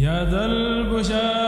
يا ذا البشار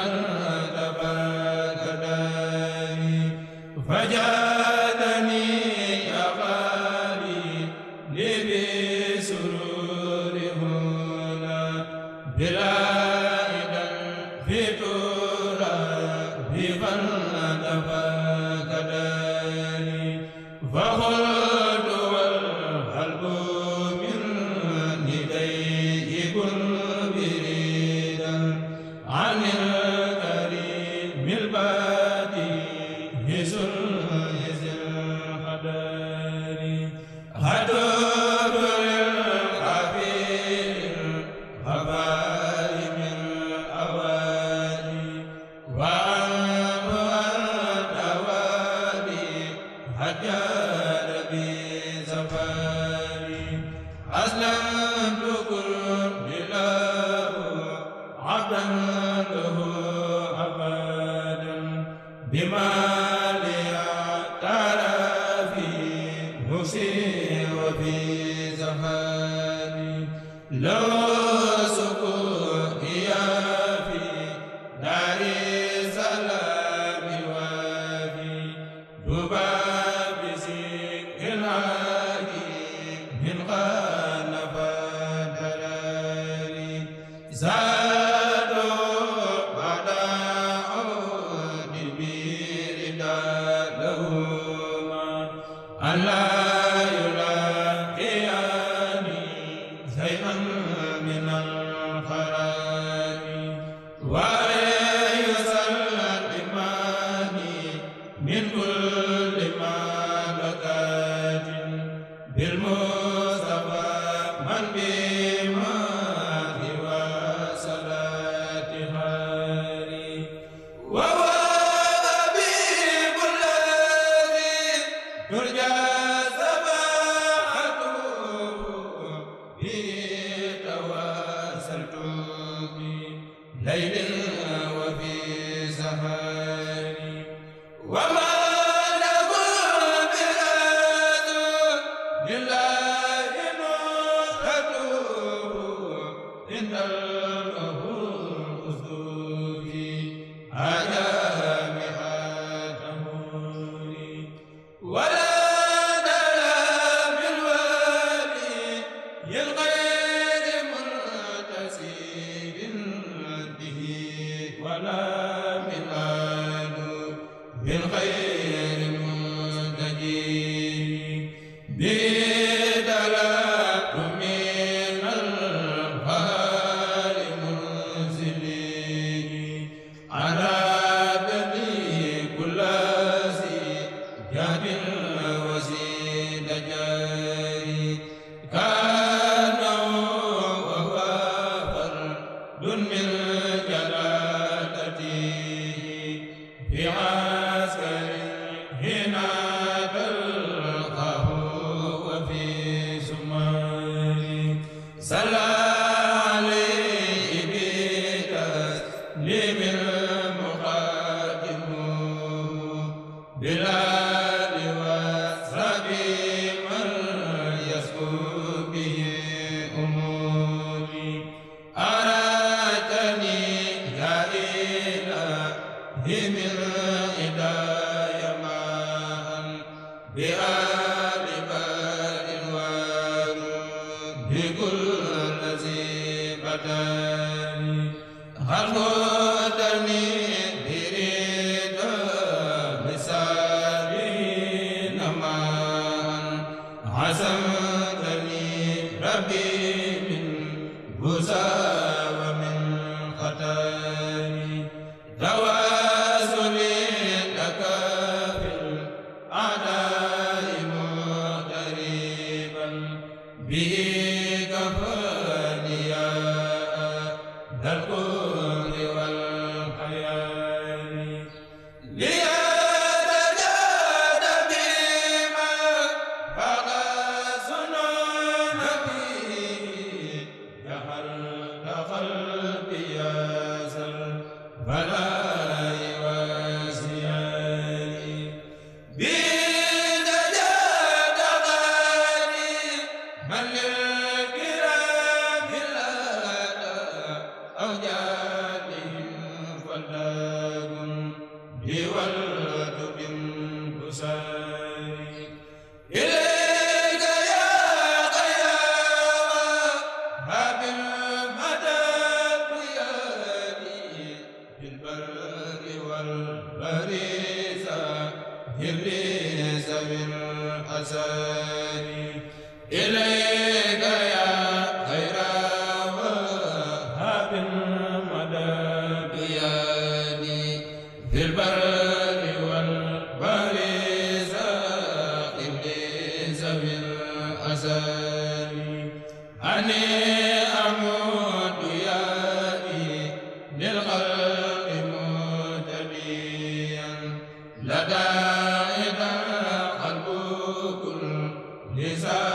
akbar زينا من Hey bi sa إبليس بالأساني إليه li sa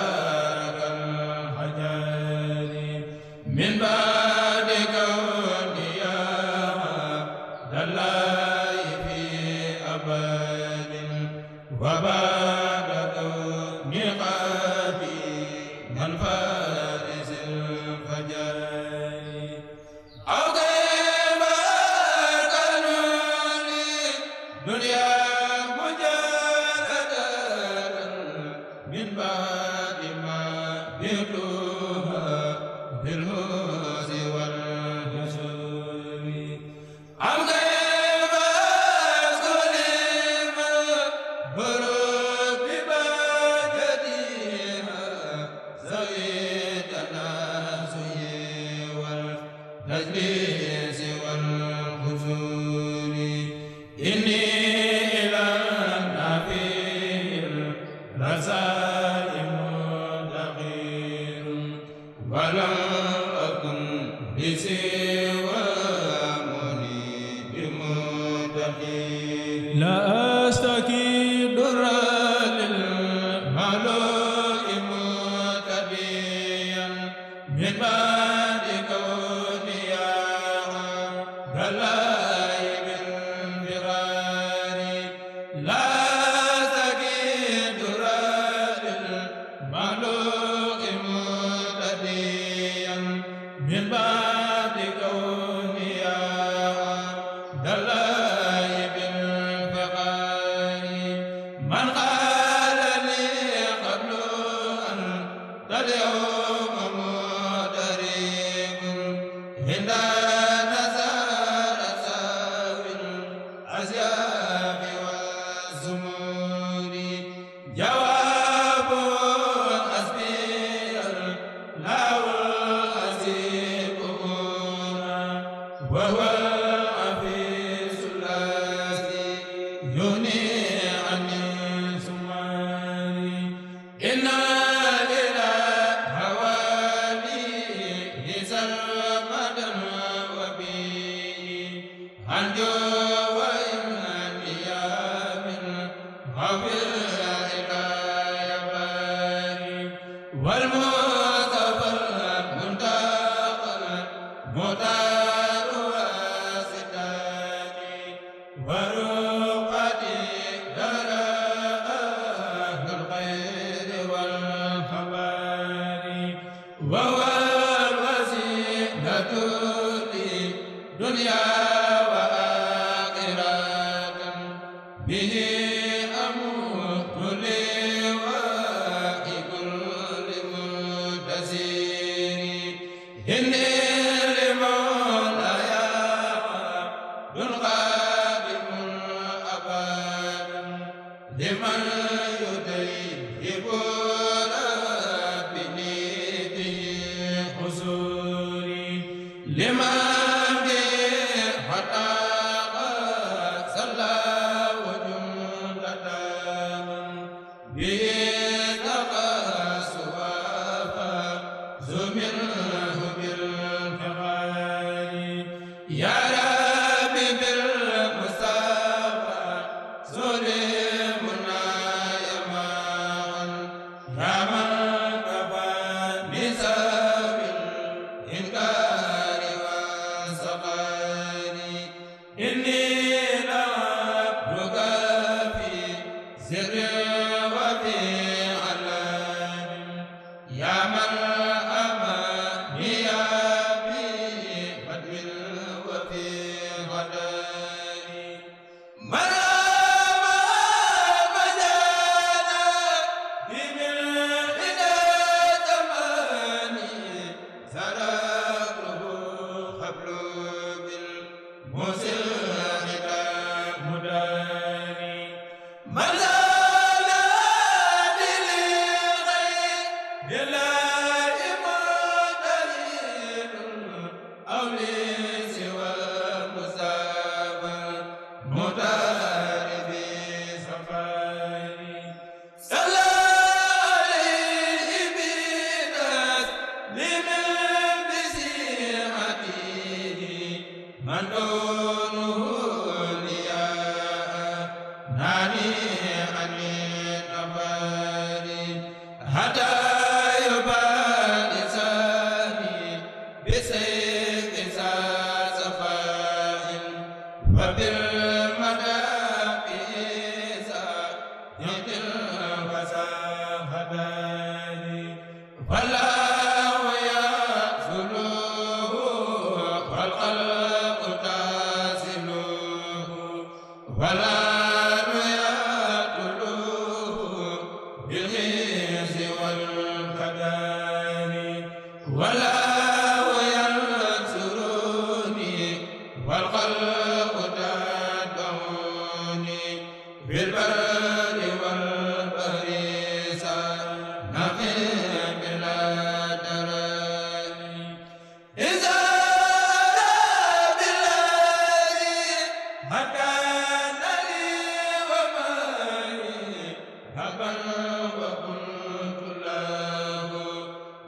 wala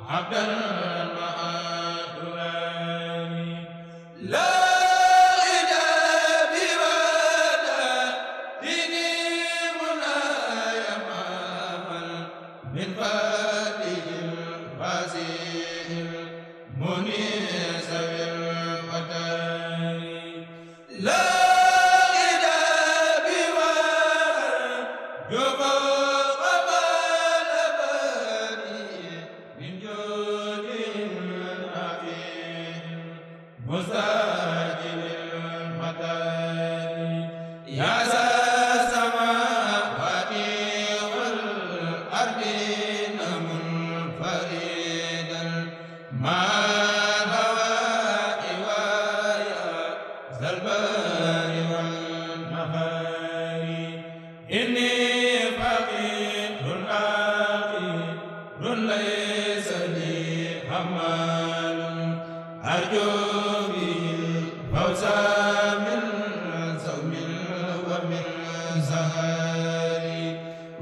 abdal di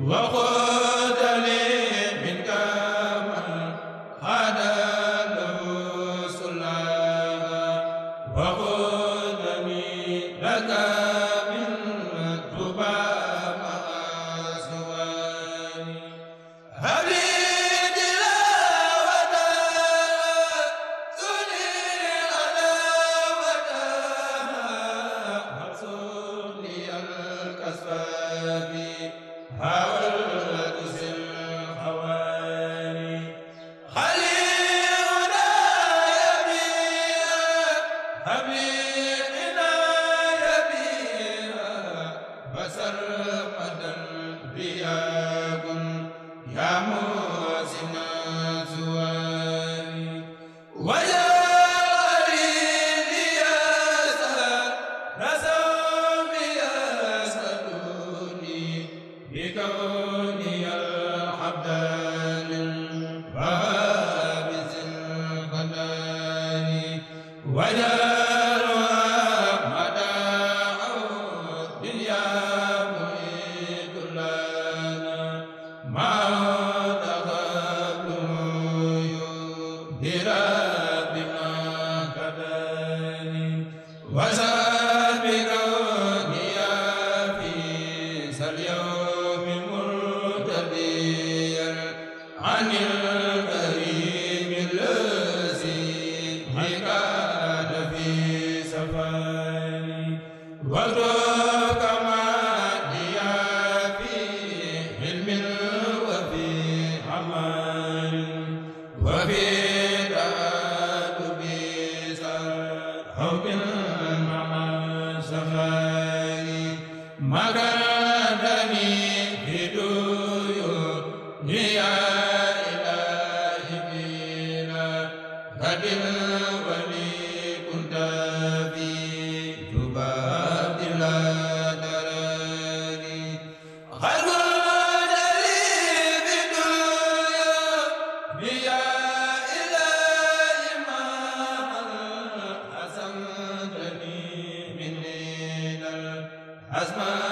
wa wa azma